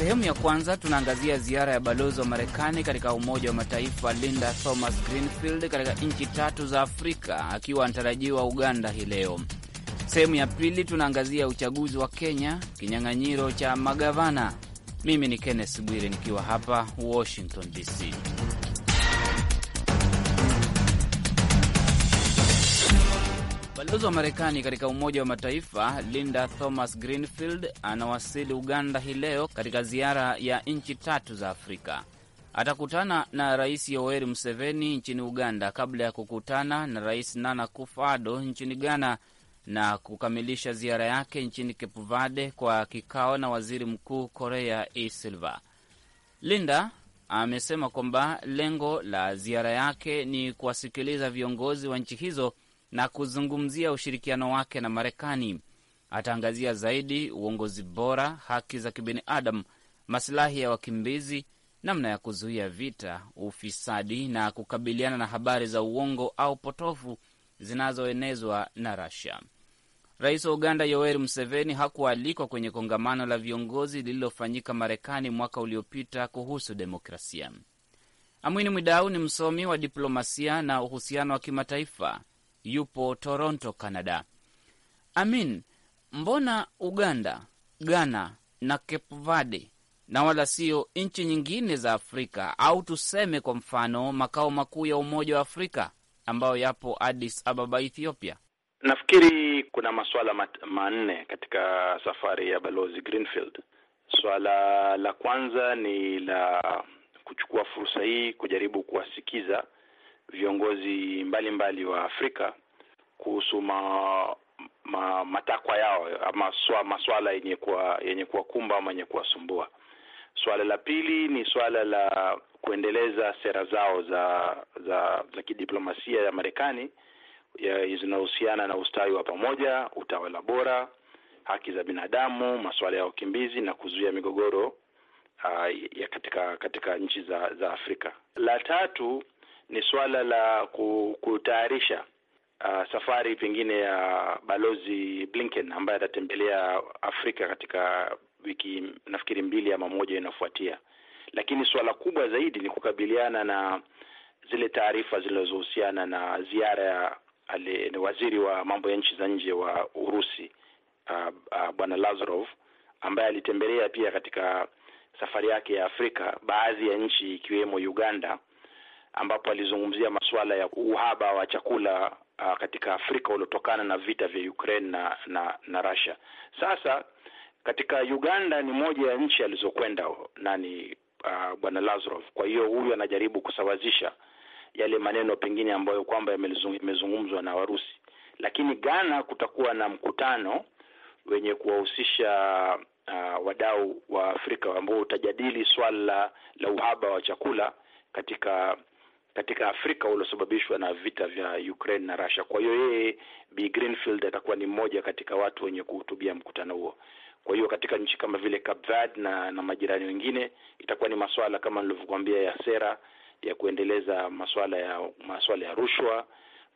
sehemu ya kwanza tunaangazia ziara ya balozi wa Marekani katika Umoja wa Mataifa Linda Thomas Greenfield katika nchi tatu za Afrika akiwa anatarajiwa Uganda hii leo. Sehemu ya pili tunaangazia uchaguzi wa Kenya, kinyang'anyiro cha magavana. Mimi ni Kenneth Bwire nikiwa hapa Washington DC. Balozi wa Marekani katika Umoja wa Mataifa Linda Thomas Greenfield anawasili Uganda hii leo katika ziara ya nchi tatu za Afrika. Atakutana na Rais Yoweri Museveni nchini Uganda kabla ya kukutana na Rais Nana Akufo-Addo nchini Ghana na kukamilisha ziara yake nchini Cape Verde kwa kikao na Waziri Mkuu Korea E Silva. Linda amesema kwamba lengo la ziara yake ni kuwasikiliza viongozi wa nchi hizo na kuzungumzia ushirikiano wake na Marekani. Ataangazia zaidi uongozi bora, haki za kibinadamu, masilahi ya wakimbizi, namna ya kuzuia vita, ufisadi na kukabiliana na habari za uongo au potofu zinazoenezwa na rasia Rais wa Uganda Yoweri Museveni hakualikwa kwenye kongamano la viongozi lililofanyika Marekani mwaka uliopita kuhusu demokrasia. Amwini Mwidau ni msomi wa diplomasia na uhusiano wa kimataifa yupo Toronto, Canada. Amin, mbona Uganda, Ghana na Cape Verde na wala sio nchi nyingine za Afrika au tuseme kwa mfano makao makuu ya Umoja wa Afrika ambayo yapo Addis Ababa, Ethiopia? Nafikiri kuna masuala manne katika safari ya Balozi Greenfield. Swala la kwanza ni la kuchukua fursa hii kujaribu kuwasikiza viongozi mbalimbali mbali wa Afrika kuhusu ma, ma, matakwa yao ama swa, maswala yenye kuwa yenye kuwakumba ama yenye kuwasumbua. Swala la pili ni swala la kuendeleza sera zao za za za kidiplomasia ya Marekani zinahusiana na ustawi wa pamoja, utawala bora, haki za binadamu, masuala ya wakimbizi na kuzuia migogoro uh, ya katika katika nchi za za Afrika. La tatu ni swala la kutayarisha uh, safari pengine ya balozi Blinken ambaye atatembelea Afrika katika wiki nafikiri mbili ama moja inayofuatia, lakini suala kubwa zaidi ni kukabiliana na zile taarifa zinazohusiana na ziara ya waziri wa mambo ya nchi za nje wa Urusi uh, uh, bwana Lazarov ambaye alitembelea pia katika safari yake ya Afrika baadhi ya nchi ikiwemo Uganda ambapo alizungumzia masuala ya uhaba wa chakula uh, katika Afrika uliotokana na vita vya Ukraine na na, na Russia. Sasa katika Uganda ni moja ya nchi alizokwenda nani uh, bwana Lazarov. Kwa hiyo huyu anajaribu kusawazisha yale maneno pengine ambayo kwamba yamezungumzwa na Warusi, lakini Ghana kutakuwa na mkutano wenye kuwahusisha uh, wadau wa Afrika ambao utajadili swala la uhaba wa chakula katika katika Afrika uliosababishwa na vita vya Ukraine na Russia. Kwa hiyo yeye Bi Greenfield atakuwa ni mmoja katika watu wenye kuhutubia mkutano huo. Kwa hiyo katika nchi kama vile Cape Verde na, na majirani wengine itakuwa ni masuala kama nilivyokuambia ya sera ya kuendeleza masuala ya masuala ya rushwa,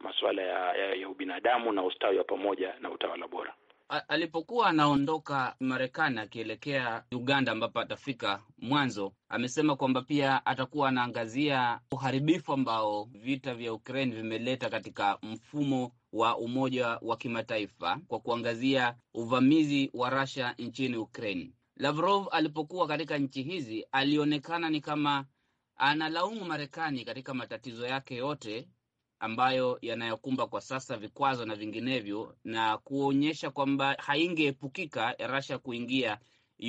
masuala ya, ya, ya ubinadamu na ustawi wa pamoja na utawala bora alipokuwa anaondoka Marekani akielekea Uganda ambapo atafika mwanzo, amesema kwamba pia atakuwa anaangazia uharibifu ambao vita vya Ukraine vimeleta katika mfumo wa umoja wa kimataifa kwa kuangazia uvamizi wa Russia nchini Ukraine. Lavrov alipokuwa katika nchi hizi alionekana ni kama analaumu Marekani katika matatizo yake yote ambayo yanayokumba kwa sasa, vikwazo na vinginevyo, na kuonyesha kwamba haingeepukika Russia kuingia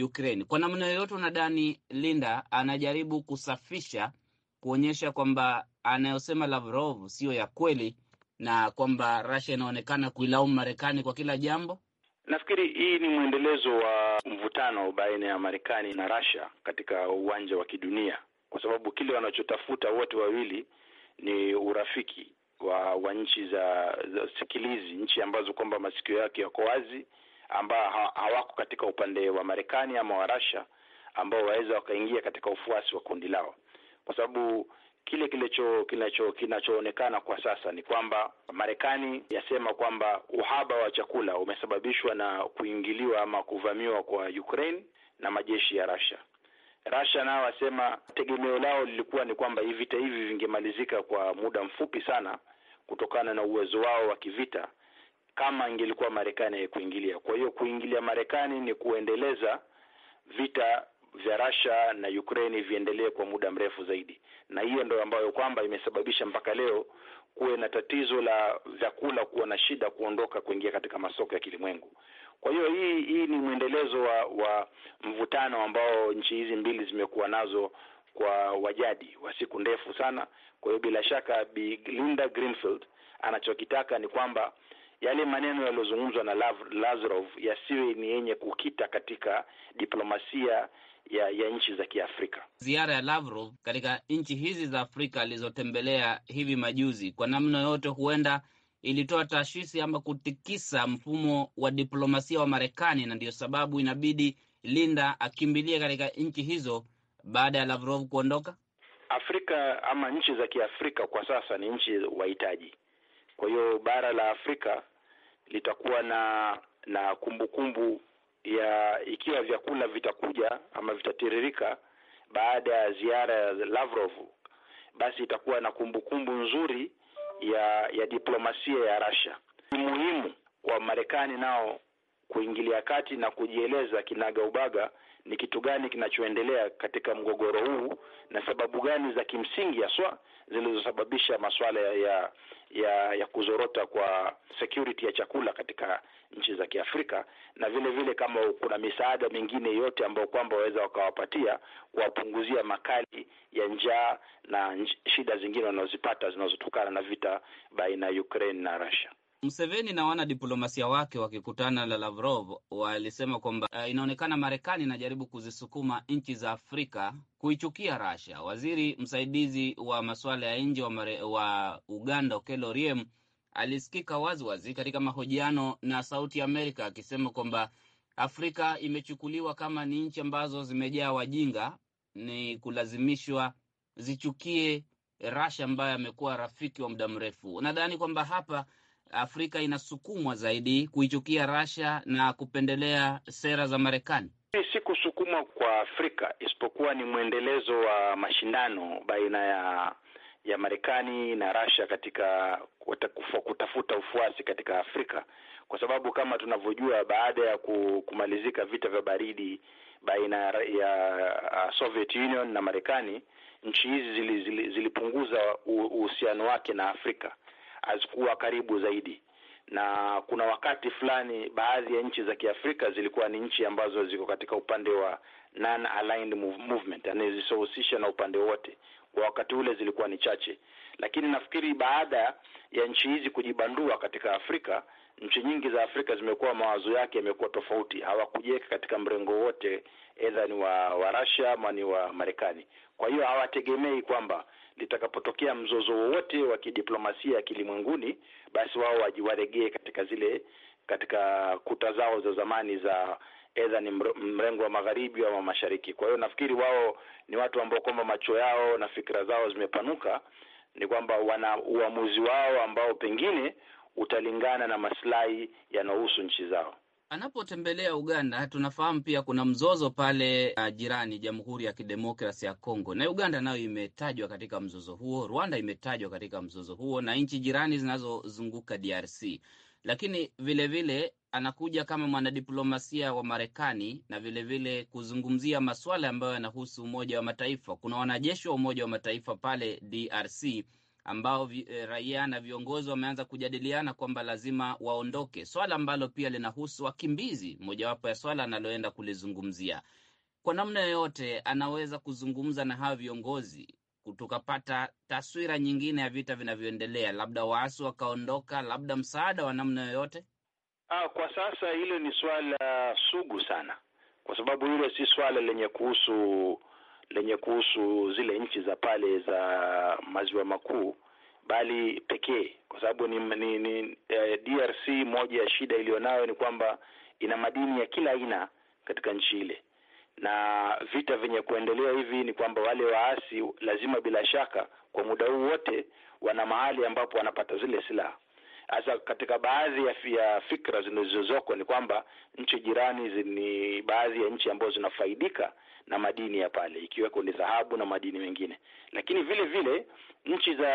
Ukraine kwa namna yoyote. Unadhani Linda anajaribu kusafisha, kuonyesha kwamba anayosema Lavrov siyo ya kweli na kwamba Russia inaonekana kuilaumu Marekani kwa kila jambo? Nafikiri hii ni mwendelezo wa mvutano baina ya Marekani na Russia katika uwanja wa kidunia, kwa sababu kile wanachotafuta wote wawili ni urafiki wa, wa nchi za, za sikilizi, nchi ambazo kwamba masikio yake yako wazi, ambao hawako katika upande wa Marekani ama wa Russia, ambao waweza wakaingia katika ufuasi wa kundi lao, kwa sababu kile kilicho kinacho kinachoonekana kwa sasa ni kwamba Marekani yasema kwamba uhaba wa chakula umesababishwa na kuingiliwa ama kuvamiwa kwa Ukraine na majeshi ya Russia. Russia nao wasema tegemeo lao lilikuwa ni kwamba vita hivi vingemalizika kwa muda mfupi sana kutokana na uwezo wao wa kivita kama ingelikuwa Marekani haikuingilia. Kwa hiyo kuingilia Marekani ni kuendeleza vita vya Russia na Ukraine viendelee kwa muda mrefu zaidi, na hiyo ndio ambayo kwamba imesababisha mpaka leo kuwe na tatizo la vyakula kuwa na shida kuondoka kuingia katika masoko ya kilimwengu. Kwa hiyo hii hii ni mwendelezo wa, wa mvutano ambao nchi hizi mbili zimekuwa nazo kwa wajadi wa siku ndefu sana. Kwa hiyo bila shaka Bi Linda Greenfield anachokitaka ni kwamba yale maneno yaliyozungumzwa na Lavrov yasiwe ni yenye kukita katika diplomasia ya, ya nchi za Kiafrika. Ziara ya Lavrov katika nchi hizi za Afrika alizotembelea hivi majuzi, kwa namna yoyote, huenda ilitoa taashisi ama kutikisa mfumo wa diplomasia wa Marekani, na ndiyo sababu inabidi Linda akimbilie katika nchi hizo baada ya Lavrov kuondoka. Afrika ama nchi za Kiafrika kwa sasa ni nchi wahitaji. Kwa hiyo bara la Afrika litakuwa na na kumbukumbu kumbu ya ikiwa vyakula vitakuja ama vitatiririka baada ya ziara ya Lavrov, basi itakuwa na kumbukumbu kumbu nzuri ya ya diplomasia ya Russia. Ni muhimu kwa Marekani nao kuingilia kati na kujieleza kinaga ubaga ni kitu gani kinachoendelea katika mgogoro huu na sababu gani za kimsingi haswa zilizosababisha masuala ya ya ya kuzorota kwa security ya chakula katika nchi za Kiafrika, na vile vile kama kuna misaada mingine yote ambayo kwamba waweza wakawapatia kuwapunguzia makali ya njaa na shida zingine wanazozipata zinazotokana na vita baina ya Ukraine na Russia. Museveni na wanadiplomasia wake wakikutana na Lavrov walisema kwamba uh, inaonekana Marekani inajaribu kuzisukuma nchi za Afrika kuichukia Russia. Waziri msaidizi wa masuala ya nje wa, wa Uganda Okello Oryem alisikika waziwazi katika mahojiano na Sauti Amerika akisema kwamba Afrika imechukuliwa kama ni nchi ambazo zimejaa wajinga, ni kulazimishwa zichukie Russia ambayo amekuwa rafiki wa muda mrefu. Nadhani kwamba hapa Afrika inasukumwa zaidi kuichukia Russia na kupendelea sera za Marekani? Si kusukumwa kwa Afrika, isipokuwa ni mwendelezo wa mashindano baina ya ya Marekani na Russia katika kutafuta ufuasi katika Afrika, kwa sababu kama tunavyojua, baada ya kumalizika vita vya baridi baina ya uh, Soviet Union na Marekani, nchi hizi zilipunguza uhusiano wake na Afrika hazikuwa karibu zaidi, na kuna wakati fulani baadhi ya nchi za Kiafrika zilikuwa ni nchi ambazo ziko katika upande wa non-aligned movement, yani na upande wote. Kwa wakati ule zilikuwa ni chache, lakini nafikiri baada ya nchi hizi kujibandua katika Afrika, nchi nyingi za Afrika zimekuwa mawazo yake yamekuwa tofauti, hawakujeka katika mrengo wote, edha ni wa wa Russia ama ni wa Marekani. Kwa hiyo hawategemei kwamba litakapotokea mzozo wowote wa kidiplomasia kilimwenguni, basi wao wajiwaregee katika zile katika kuta zao za zamani za edha ni mrengo wa magharibi ama mashariki. Kwa hiyo nafikiri wao ni watu ambao kwamba macho yao na fikra zao zimepanuka, ni kwamba wana uamuzi wao ambao pengine utalingana na maslahi yanayohusu nchi zao. Anapotembelea Uganda, tunafahamu pia kuna mzozo pale uh, jirani Jamhuri ya Kidemokrasi ya Kongo, na Uganda nayo imetajwa katika mzozo huo, Rwanda imetajwa katika mzozo huo, na nchi jirani zinazozunguka DRC. Lakini vilevile vile, anakuja kama mwanadiplomasia wa Marekani na vilevile vile kuzungumzia masuala ambayo yanahusu Umoja wa Mataifa. Kuna wanajeshi wa Umoja wa Mataifa pale DRC ambao vi, e, raia na viongozi wameanza kujadiliana kwamba lazima waondoke, swala ambalo pia linahusu wakimbizi, mojawapo ya swala analoenda kulizungumzia. Kwa namna yoyote anaweza kuzungumza na hawa viongozi tukapata taswira nyingine ya vita vinavyoendelea, labda waasi wakaondoka, labda msaada wa namna yoyote. Ah, kwa sasa hilo ni swala sugu sana, kwa sababu hilo si swala lenye kuhusu lenye kuhusu zile nchi za pale za maziwa makuu bali pekee, kwa sababu ni, ni, ni eh, DRC moja ya shida iliyonayo ni kwamba ina madini ya kila aina katika nchi ile, na vita vyenye kuendelea hivi ni kwamba wale waasi lazima, bila shaka, kwa muda huu wote wana mahali ambapo wanapata zile silaha. Hasa katika baadhi ya fikra zinazozoko ni kwamba nchi jirani ni baadhi ya nchi ambazo zinafaidika na madini ya pale ikiweko ni dhahabu na madini mengine, lakini vile vile nchi za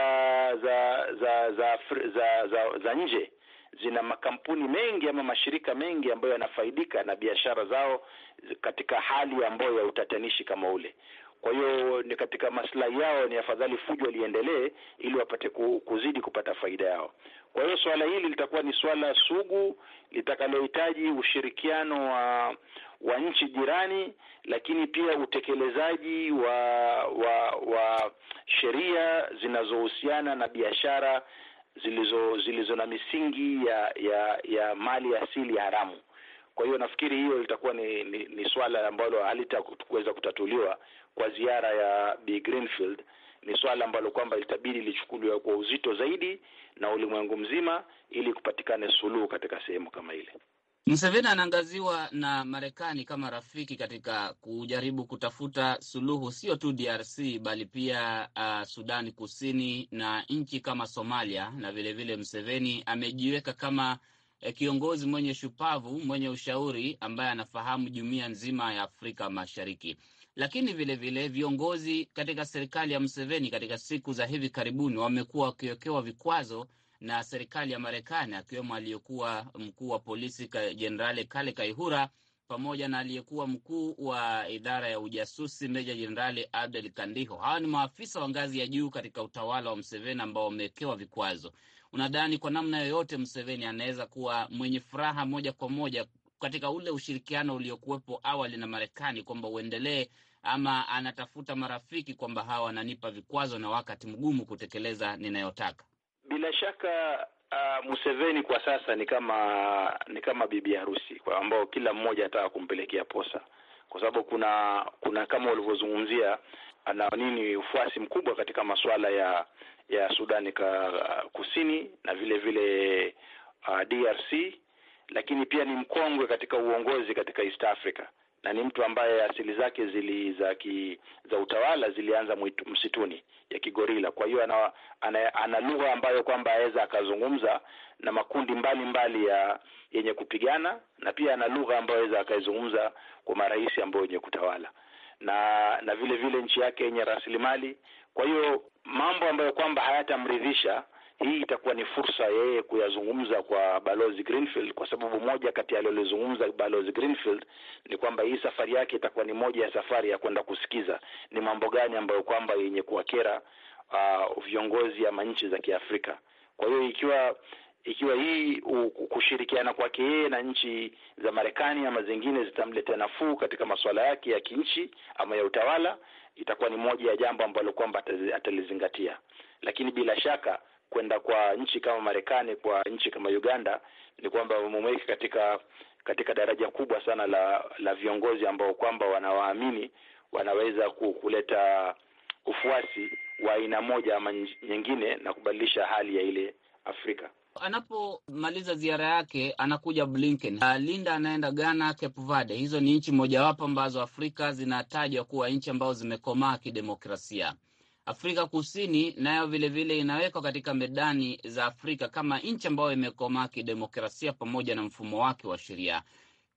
za za za za, za, za nje zina makampuni mengi ama mashirika mengi ambayo yanafaidika na biashara zao katika hali ambayo ya utatanishi kama ule. Kwa hiyo ni katika maslahi yao, ni afadhali fujo liendelee ili wapate kuzidi kupata faida yao. Kwa hiyo swala hili litakuwa ni swala sugu litakalohitaji ushirikiano wa wa nchi jirani, lakini pia utekelezaji wa wa, wa sheria zinazohusiana na biashara zilizo zilizo na misingi ya ya ya mali asili ya haramu. Kwa hiyo nafikiri hiyo litakuwa ni, ni, ni swala ambalo halitakuweza kutatuliwa kwa ziara ya B Greenfield. Ni swala ambalo kwamba litabidi lichukuliwe kwa uzito zaidi na ulimwengu mzima ili kupatikane suluhu katika sehemu kama ile. Museveni anaangaziwa na Marekani kama rafiki katika kujaribu kutafuta suluhu sio tu DRC bali pia uh, Sudani Kusini na nchi kama Somalia, na vilevile Museveni amejiweka kama eh, kiongozi mwenye shupavu, mwenye ushauri ambaye anafahamu jumuiya nzima ya Afrika Mashariki. Lakini vilevile vile, viongozi katika serikali ya Museveni katika siku za hivi karibuni wamekuwa wakiwekewa vikwazo na serikali ya Marekani, akiwemo aliyekuwa mkuu wa polisi Jenerali Kale Kaihura pamoja na aliyekuwa mkuu wa idara ya ujasusi Meja Jenerali Abdel Kandiho. Hawa ni maafisa wa ngazi ya juu katika utawala wa Mseveni ambao wamewekewa vikwazo. Unadhani kwa namna yoyote Mseveni anaweza kuwa mwenye furaha moja kwa moja katika ule ushirikiano uliokuwepo awali na Marekani kwamba uendelee, ama anatafuta marafiki kwamba hawa wananipa vikwazo na wakati mgumu kutekeleza ninayotaka? Bila shaka uh, Museveni kwa sasa ni kama ni kama bibi harusi kwa ambao kila mmoja anataka kumpelekea posa, kwa sababu kuna kuna kama ulivyozungumzia, ana nini ufuasi mkubwa katika masuala ya ya Sudani ka uh, Kusini na vile vile uh, DRC, lakini pia ni mkongwe katika uongozi katika East Africa na ni mtu ambaye asili zake zili za ki, za utawala zilianza mwitu, msituni ya kigorila. Kwa hiyo ana, ana, ana lugha ambayo kwamba aweza akazungumza na makundi mbalimbali mbali ya yenye kupigana, na pia ana lugha ambayo aweza akaizungumza kwa marais ambao wenye kutawala na na vile vile nchi yake yenye rasilimali. Kwa hiyo mambo ambayo kwamba hayatamridhisha hii itakuwa ni fursa yeye kuyazungumza kwa balozi Greenfield, kwa sababu moja kati ya alilozungumza balozi Greenfield ni kwamba hii safari yake itakuwa ni moja ya safari ya kwenda kusikiza ni mambo gani ambayo kwamba yenye kuwakera uh, viongozi ama nchi za Kiafrika. Kwa hiyo ikiwa ikiwa hii kushirikiana kwake yeye na nchi za Marekani ama zingine zitamletea nafuu katika masuala yake ya kinchi ama ya utawala, itakuwa ni moja ya jambo ambalo kwamba atalizingatia, lakini bila shaka kwenda kwa nchi kama Marekani, kwa nchi kama Uganda, ni kwamba wamemweka katika katika daraja kubwa sana la la viongozi ambao kwamba wanawaamini wanaweza kuleta ufuasi wa aina moja ama nyingine na kubadilisha hali ya ile Afrika. Anapomaliza ziara yake anakuja Blinken. Ah, Linda anaenda Ghana, Cape Verde. Hizo ni nchi mojawapo ambazo Afrika zinatajwa kuwa nchi ambazo zimekomaa kidemokrasia. Afrika Kusini nayo vilevile inawekwa katika medani za Afrika kama nchi ambayo imekomaa kidemokrasia pamoja na mfumo wake wa sheria.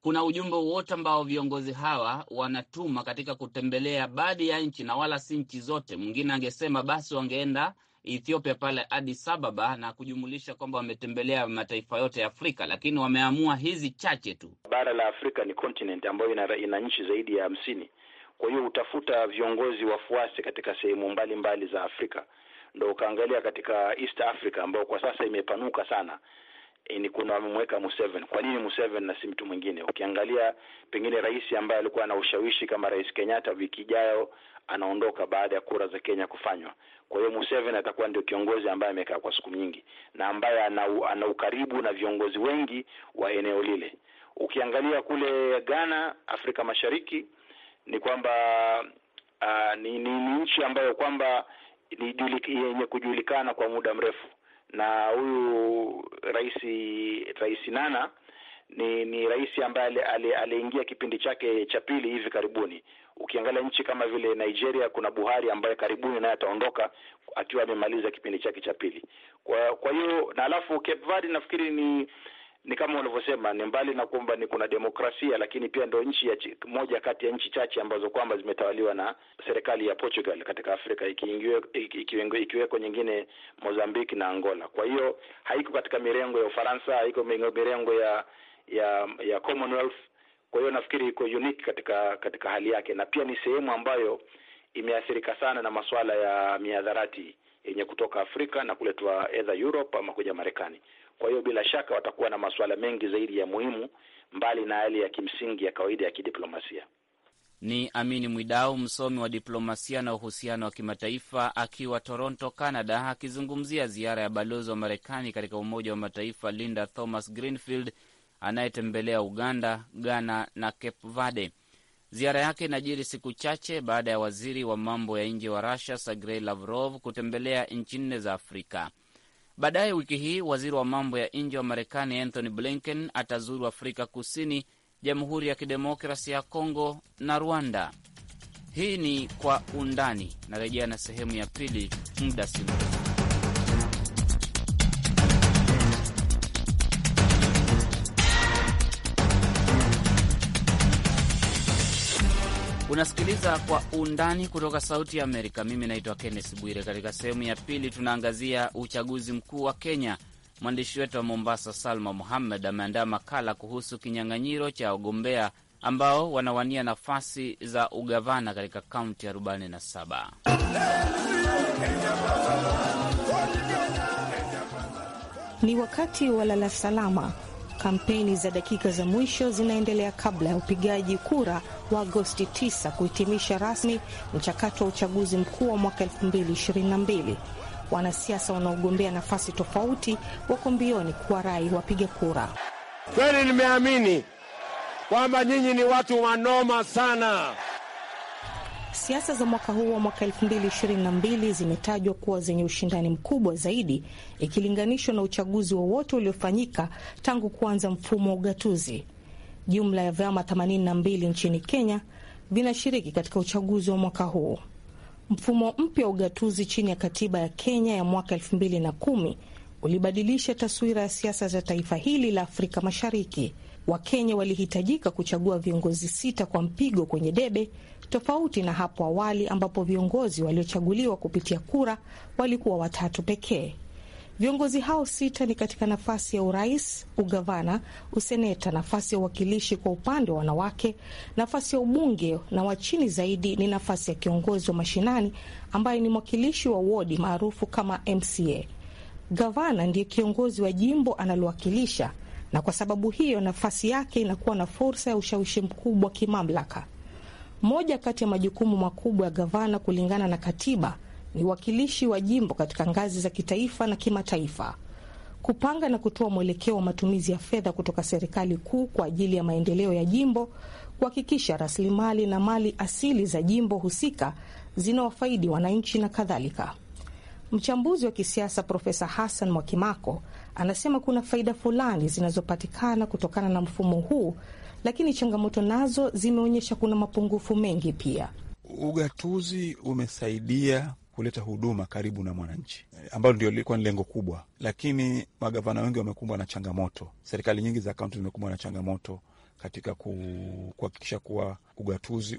Kuna ujumbe wote ambao viongozi hawa wanatuma katika kutembelea baadhi ya nchi na wala si nchi zote. Mwingine angesema basi wangeenda Ethiopia pale Addis Ababa na kujumulisha kwamba wametembelea mataifa yote ya Afrika, lakini wameamua hizi chache tu. Bara la Afrika ni continent ambayo ina, ina nchi zaidi ya hamsini kwa hiyo utafuta viongozi wafuasi katika sehemu mbalimbali za Afrika, ndo ukaangalia katika East Africa ambayo kwa sasa imepanuka sana eh, ni kuna wamemweka Museveni. Kwa nini Museveni na si mtu mwingine? Ukiangalia pengine rais ambaye alikuwa ana ushawishi kama Rais Kenyatta wiki ijayo anaondoka baada ya kura za Kenya kufanywa. Kwa hiyo Museveni atakuwa ndio kiongozi ambaye amekaa kwa siku nyingi na ambaye ana ukaribu na viongozi wengi wa eneo lile. Ukiangalia kule Ghana, Afrika Mashariki ni kwamba uh, ni, ni, ni nchi ambayo kwamba yenye kujulikana kwa muda mrefu, na huyu rais rais Nana ni ni rais ambaye aliingia kipindi chake cha pili hivi karibuni. Ukiangalia nchi kama vile Nigeria, kuna Buhari ambaye karibuni naye ataondoka akiwa amemaliza kipindi chake cha pili. Kwa kwa hiyo na alafu Cape Verde nafikiri ni ni kama ulivyosema, ni mbali na kwamba ni kuna demokrasia, lakini pia ndo nchi ya moja kati ya nchi chache ambazo kwamba zimetawaliwa na serikali ya Portugal katika Afrika, ikiweko iki, iki, nyingine Mozambique na Angola. Kwa hiyo haiko katika mirengo ya Ufaransa, haiko mirengo ya ya ya Commonwealth. Kwa hiyo nafikiri iko unique katika katika hali yake, na pia ni sehemu ambayo imeathirika sana na masuala ya miadharati yenye kutoka Afrika na kuletwa either Europe ama kuja Marekani. Kwa hiyo bila shaka watakuwa na masuala mengi zaidi ya muhimu mbali na yale ya kimsingi ya kawaida ya kidiplomasia. Ni Amini Mwidau, msomi wa diplomasia na uhusiano wa kimataifa, akiwa Toronto, Canada, akizungumzia ziara ya balozi wa Marekani katika Umoja wa Mataifa Linda Thomas Greenfield anayetembelea Uganda, Ghana na Cape Verde. Ziara yake inajiri siku chache baada ya waziri wa mambo ya nje wa Russia Sergei Lavrov kutembelea nchi nne za Afrika. Baadaye wiki hii waziri wa mambo ya nje wa Marekani Anthony Blinken atazuru Afrika Kusini, Jamhuri ya Kidemokrasi ya Kongo na Rwanda. Hii ni Kwa Undani. Narejea na sehemu ya pili muda si mrefu. Unasikiliza Kwa Undani kutoka Sauti ya Amerika. Mimi naitwa kennes Bwire. Katika sehemu ya pili, tunaangazia uchaguzi mkuu wa Kenya. Mwandishi wetu wa Mombasa, Salma Muhammed, ameandaa makala kuhusu kinyang'anyiro cha wagombea ambao wanawania nafasi za ugavana katika kaunti 47. Ni wakati wa lala salama. Kampeni za dakika za mwisho zinaendelea kabla ya upigaji kura wa Agosti 9 kuhitimisha rasmi mchakato wa uchaguzi mkuu wa mwaka 2022. Wanasiasa wanaogombea nafasi tofauti wako mbioni kuwa rai wapiga kura. Kweli nimeamini kwamba nyinyi ni watu wanoma sana. Siasa za mwaka huu wa mwaka 2022 zimetajwa kuwa zenye ushindani mkubwa zaidi ikilinganishwa na uchaguzi wowote uliofanyika tangu kuanza mfumo wa ugatuzi. Jumla ya vyama 82 nchini Kenya vinashiriki katika uchaguzi wa mwaka huu. Mfumo mpya wa ugatuzi chini ya katiba ya Kenya ya mwaka 2010 ulibadilisha taswira ya siasa za taifa hili la Afrika Mashariki. Wakenya walihitajika kuchagua viongozi sita kwa mpigo kwenye debe, tofauti na hapo awali ambapo viongozi waliochaguliwa kupitia kura walikuwa watatu pekee. Viongozi hao sita ni katika nafasi ya urais, ugavana, useneta, nafasi ya uwakilishi kwa upande wa wanawake, nafasi ya ubunge, na wa chini zaidi ni nafasi ya kiongozi wa mashinani ambaye ni mwakilishi wa wodi maarufu kama MCA. Gavana ndiye kiongozi wa jimbo analowakilisha, na kwa sababu hiyo nafasi yake inakuwa na fursa ya ushawishi mkubwa kimamlaka. Moja kati ya majukumu makubwa ya gavana kulingana na katiba ni wakilishi wa jimbo katika ngazi za kitaifa na kimataifa, kupanga na kutoa mwelekeo wa matumizi ya fedha kutoka serikali kuu kwa ajili ya maendeleo ya jimbo, kuhakikisha rasilimali na mali asili za jimbo husika zinawafaidi wananchi na kadhalika. Mchambuzi wa kisiasa Profesa Hassan Mwakimako anasema kuna faida fulani zinazopatikana kutokana na mfumo huu, lakini changamoto nazo zimeonyesha kuna mapungufu mengi pia. Ugatuzi umesaidia kuleta huduma karibu na mwananchi, eh, ambalo ndio lilikuwa ni lengo kubwa. Lakini magavana wengi wamekumbwa na changamoto, serikali nyingi za kaunti zimekumbwa na changamoto katika kuhakikisha kuwa ugatuzi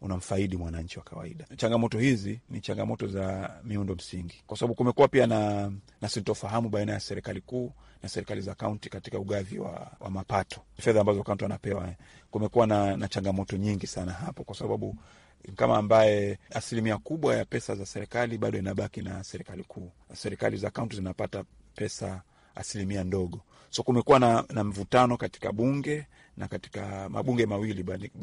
unamfaidi una mwananchi wa kawaida. Changamoto hizi ni changamoto za miundo msingi, kwa sababu kumekuwa pia na, na sintofahamu baina ya serikali kuu na serikali za kaunti katika ugavi wa, wa mapato, fedha ambazo kaunti wanapewa. Eh, kumekuwa na, na changamoto nyingi sana hapo, kwa sababu kama ambaye asilimia kubwa ya pesa za serikali bado inabaki na serikali kuu. Serikali za kaunti zinapata pesa asilimia ndogo. So kumekuwa na, na mvutano katika bunge na katika mabunge mawili,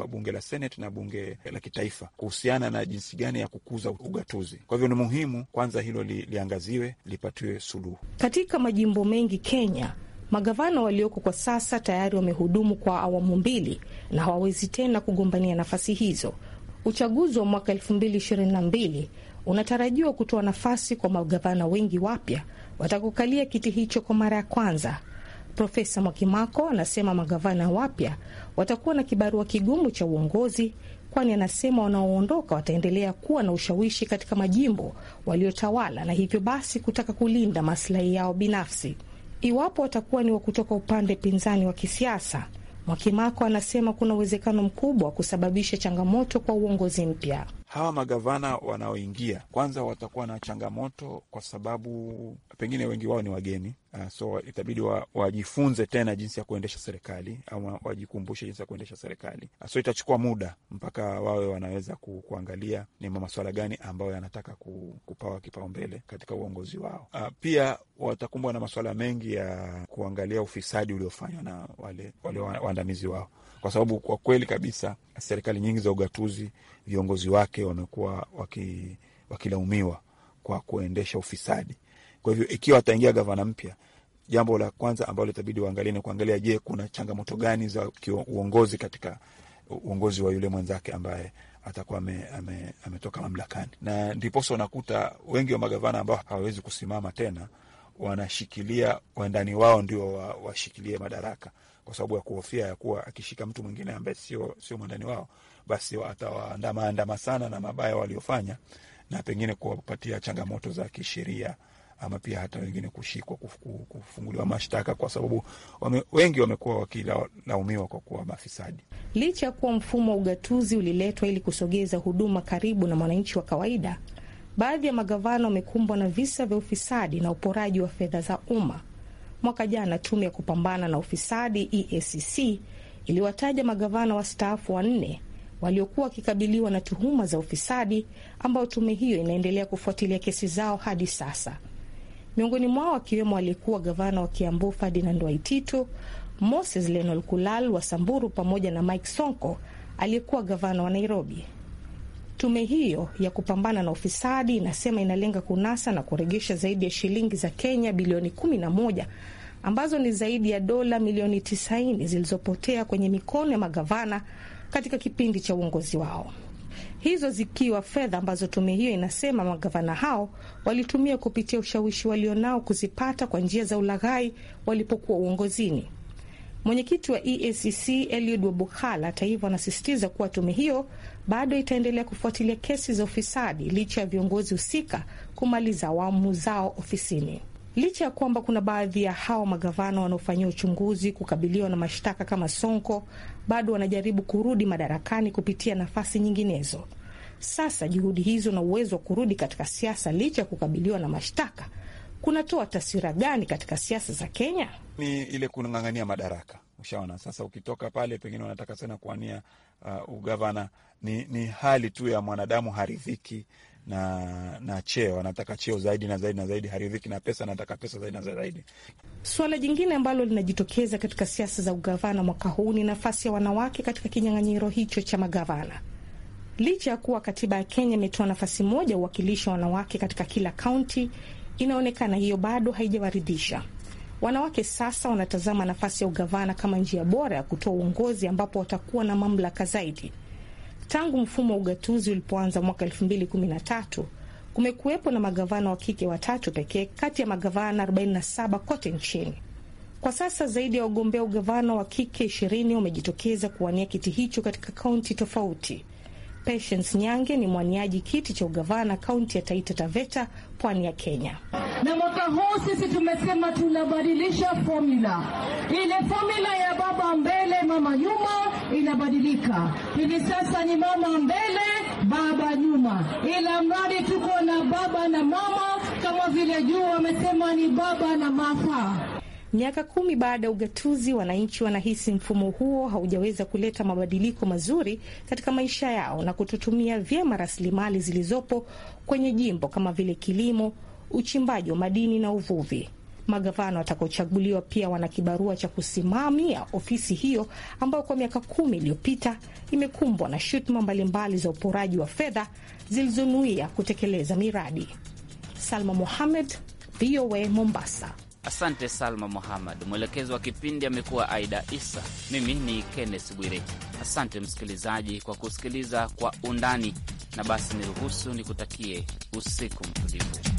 bunge la senet na bunge la kitaifa, kuhusiana na jinsi gani ya kukuza ugatuzi. Kwa hivyo ni muhimu kwanza hilo li, liangaziwe lipatiwe suluhu. Katika majimbo mengi Kenya, magavana walioko kwa sasa tayari wamehudumu kwa awamu mbili na hawawezi tena kugombania nafasi hizo. Uchaguzi wa mwaka 2022 unatarajiwa kutoa nafasi kwa magavana wengi wapya watakukalia kiti hicho kwa mara ya kwanza. Profesa Mwakimako anasema magavana wapya watakuwa na kibarua kigumu cha uongozi, kwani anasema wanaoondoka wataendelea kuwa na ushawishi katika majimbo waliotawala na hivyo basi kutaka kulinda maslahi yao binafsi. Iwapo watakuwa ni wa kutoka upande pinzani wa kisiasa Mwakimako anasema kuna uwezekano mkubwa wa kusababisha changamoto kwa uongozi mpya hawa magavana wanaoingia kwanza watakuwa na changamoto, kwa sababu pengine wengi wao ni wageni uh, so itabidi wa, wajifunze tena jinsi ya kuendesha serikali au wajikumbushe jinsi ya kuendesha serikali uh, so itachukua muda mpaka wawe wanaweza ku, kuangalia ni maswala gani ambayo yanataka ku, kupawa kipaumbele katika uongozi wao. Uh, pia watakumbwa na maswala mengi ya kuangalia ufisadi uliofanywa na wale, wale waandamizi wao kwa sababu kwa kweli kabisa serikali nyingi za ugatuzi viongozi wake wamekuwa waki, wakilaumiwa kwa kuendesha ufisadi. Kwa hivyo ikiwa ataingia gavana mpya, jambo la kwanza ambalo itabidi waangalie ni kuangalia, je, kuna changamoto gani za uongozi katika uongozi wa yule mwenzake ambaye atakuwa ame, ametoka mamlakani, na ndiposa unakuta wengi wa magavana ambao hawawezi kusimama tena wanashikilia wandani wao ndio washikilie wa madaraka kwa sababu ya kuhofia ya kuwa akishika mtu mwingine ambaye sio sio mwandani wao, basi atawaandamaandama sana na mabaya waliofanya, na pengine kuwapatia changamoto za kisheria ama pia hata wengine kushikwa kufunguliwa mashtaka kwa sababu wame, wengi wamekuwa wakilaumiwa kwa kuwa mafisadi. Licha ya kuwa mfumo wa ugatuzi uliletwa ili kusogeza huduma karibu na mwananchi wa kawaida, baadhi ya magavana wamekumbwa na visa vya ufisadi na uporaji wa fedha za umma. Mwaka jana tume ya kupambana na ufisadi EACC iliwataja magavana wastaafu wanne waliokuwa wakikabiliwa na tuhuma za ufisadi, ambao tume hiyo inaendelea kufuatilia kesi zao hadi sasa. Miongoni mwao akiwemo aliyekuwa gavana wa Kiambu Ferdinand Waititu, Moses Lenol Kulal wa Samburu, pamoja na Mike Sonko aliyekuwa gavana wa Nairobi. Tume hiyo ya kupambana na ufisadi inasema inalenga kunasa na kurejesha zaidi ya shilingi za Kenya bilioni kumi na moja ambazo ni zaidi ya dola milioni tisaini zilizopotea kwenye mikono ya magavana katika kipindi cha uongozi wao, hizo zikiwa fedha ambazo tume hiyo inasema magavana hao walitumia kupitia ushawishi walionao kuzipata kwa njia za ulaghai walipokuwa uongozini. Mwenyekiti wa EACC Eliud Wabukhala hata hivyo anasisitiza kuwa tume hiyo bado itaendelea kufuatilia kesi za ufisadi licha ya viongozi husika kumaliza awamu zao ofisini. Licha ya kwamba kuna baadhi ya hawa magavana wanaofanyia uchunguzi kukabiliwa na mashtaka kama Sonko, bado wanajaribu kurudi madarakani kupitia nafasi nyinginezo. Sasa juhudi hizo na uwezo wa kurudi katika siasa licha ya kukabiliwa na mashtaka kunatoa taswira gani katika siasa za Kenya? Ni ile kung'ang'ania madaraka, ushaona. Sasa ukitoka pale, pengine wanataka sana kuania uh, ugavana ni, ni hali tu ya mwanadamu haridhiki na, na cheo anataka cheo zaidi na zaidi na zaidi, haridhiki na pesa, anataka pesa zaidi na zaidi. Suala jingine ambalo linajitokeza katika siasa za ugavana mwaka huu ni nafasi ya wanawake katika kinyang'anyiro hicho cha magavana. Licha ya kuwa katiba ya Kenya imetoa nafasi moja uwakilishi wa wanawake katika kila kaunti, inaonekana hiyo bado haijawaridhisha. Wanawake sasa wanatazama nafasi ya ugavana kama njia bora ya kutoa uongozi ambapo watakuwa na mamlaka zaidi. Tangu mfumo wa ugatuzi ulipoanza mwaka elfu mbili kumi na tatu kumekuwepo na magavana wa kike watatu pekee kati ya magavana 47 kote nchini. Kwa sasa zaidi ya wagombea ugavana wa kike 20 wamejitokeza kuwania kiti hicho katika kaunti tofauti. Patience Nyange ni mwaniaji kiti cha ugavana kaunti ya Taita Taveta, pwani ya Kenya. Na mwaka huu sisi tumesema tunabadilisha fomula. Ile fomula ya baba mbele mama nyuma inabadilika hivi sasa, ni mama mbele baba nyuma, ila mradi tuko na baba na mama kama vile juu wamesema ni baba na mafa Miaka kumi baada ya ugatuzi, wananchi wanahisi mfumo huo haujaweza kuleta mabadiliko mazuri katika maisha yao na kutotumia vyema rasilimali zilizopo kwenye jimbo kama vile kilimo, uchimbaji wa madini na uvuvi. Magavana watakaochaguliwa pia wana kibarua cha kusimamia ofisi hiyo ambayo kwa miaka kumi iliyopita imekumbwa na shutuma mbalimbali za uporaji wa fedha zilizonuia kutekeleza miradi. Salma Mohamed, VOA, Mombasa. Asante Salma Muhammad, mwelekezi wa kipindi amekuwa Aida Isa, mimi ni Kenneth Bwire. Asante msikilizaji kwa kusikiliza kwa undani, na basi niruhusu nikutakie usiku mtulivu.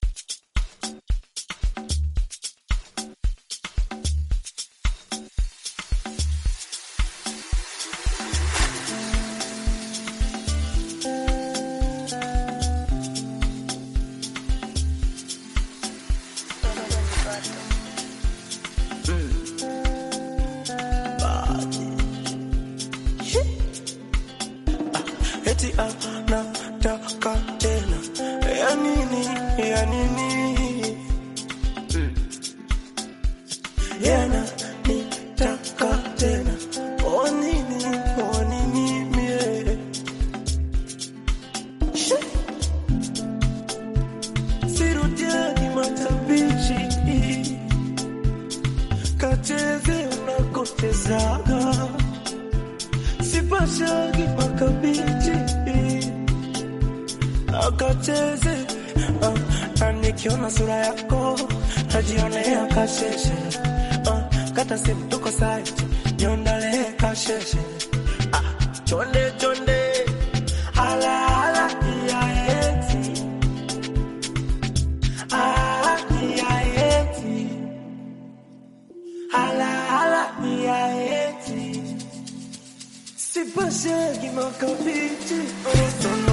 eti anataka tena ya nini, ya nini my gibi akabiti Ortamda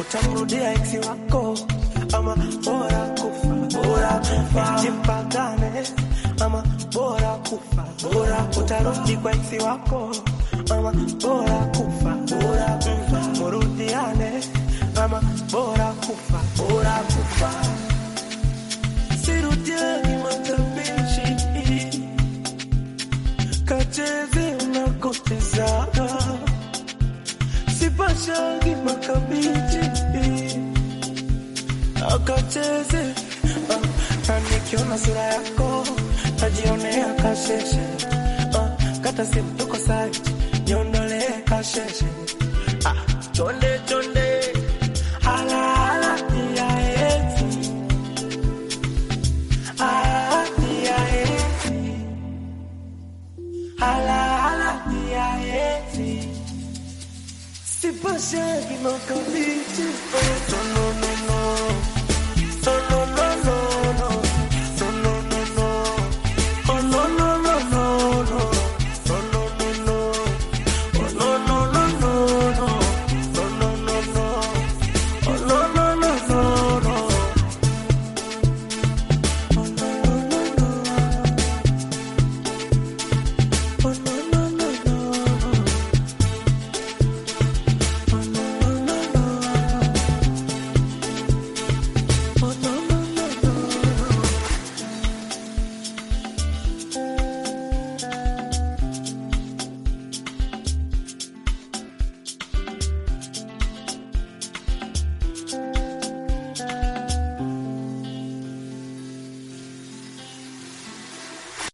utamrudia eksi wako ama bora kufa bora kufa mpagane ama bora kufa bora utarudi kwa eksi wako ama bora kufa bora kufa murudiane ama bora kufa bora kufa sirudiani matabishi kacheze unakotezaa Bashagi makabiti akacheze na ah, nikiona sura yako najionea kasheshe ah, kata simu tuko saiti niondolee kasheshe ah, twende Si not mi mano, no, no, no.